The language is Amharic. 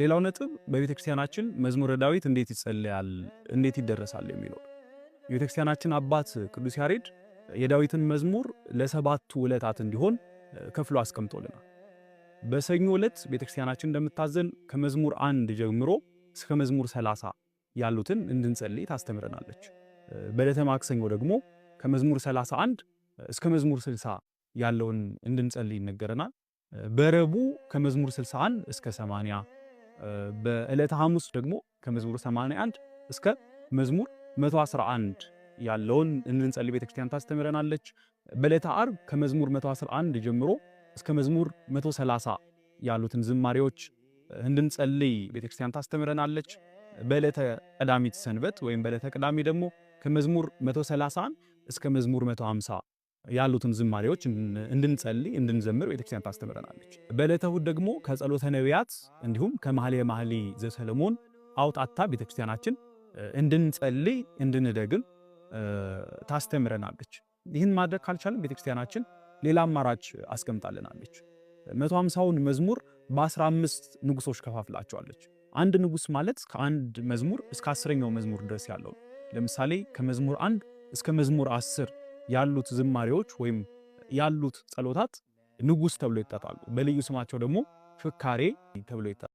ሌላው ነጥብ በቤተክርስቲያናችን መዝሙረ ዳዊት እንዴት ይጸለያል፣ እንዴት ይደረሳል የሚለው የቤተክርስቲያናችን አባት ቅዱስ ያሬድ የዳዊትን መዝሙር ለሰባቱ ዕለታት እንዲሆን ከፍሎ አስቀምጦልናል። በሰኞ ዕለት ቤተክርስቲያናችን እንደምታዘን ከመዝሙር አንድ ጀምሮ እስከ መዝሙር 30 ያሉትን እንድንጸልይ ታስተምረናለች። በዕለተ ማክሰኞ ደግሞ ከመዝሙር 31 እስከ መዝሙር 60 ያለውን እንድንጸልይ ይነገረናል። በረቡ ከመዝሙር 61 እስከ 80 በዕለተ ሐሙስ ደግሞ ከመዝሙር 81 እስከ መዝሙር 111 ያለውን እንድንጸልይ ቤተክርስቲያን ታስተምረናለች። በዕለተ ዓርብ ከመዝሙር 111 ጀምሮ እስከ መዝሙር 130 ያሉትን ዝማሬዎች እንድንጸልይ ቤተክርስቲያን ታስተምረናለች። በዕለተ ቀዳሚት ሰንበት ወይም በዕለተ ቀዳሚ ደግሞ ከመዝሙር 130 እስከ መዝሙር 150 ያሉትን ዝማሬዎች እንድንጸልይ እንድንዘምር ቤተክርስቲያን ታስተምረናለች። በዕለተ ደግሞ ከጸሎተ ነቢያት እንዲሁም ከመኃልየ መኃልይ ዘሰለሞን አውጣታ ቤተክርስቲያናችን እንድንጸልይ እንድንደግም ታስተምረናለች። ይህን ማድረግ ካልቻለም ቤተክርስቲያናችን ሌላ አማራጭ አስቀምጣልናለች። 150ውን መዝሙር በ15 ንጉሶች ከፋፍላቸዋለች። አንድ ንጉስ ማለት ከአንድ መዝሙር እስከ አስረኛው መዝሙር ድረስ ያለው ለምሳሌ ከመዝሙር አንድ እስከ መዝሙር አስር ያሉት ዝማሬዎች ወይም ያሉት ጸሎታት ንጉስ ተብሎ ይጠራሉ። በልዩ ስማቸው ደግሞ ፍካሬ ተብሎ ይጠራሉ።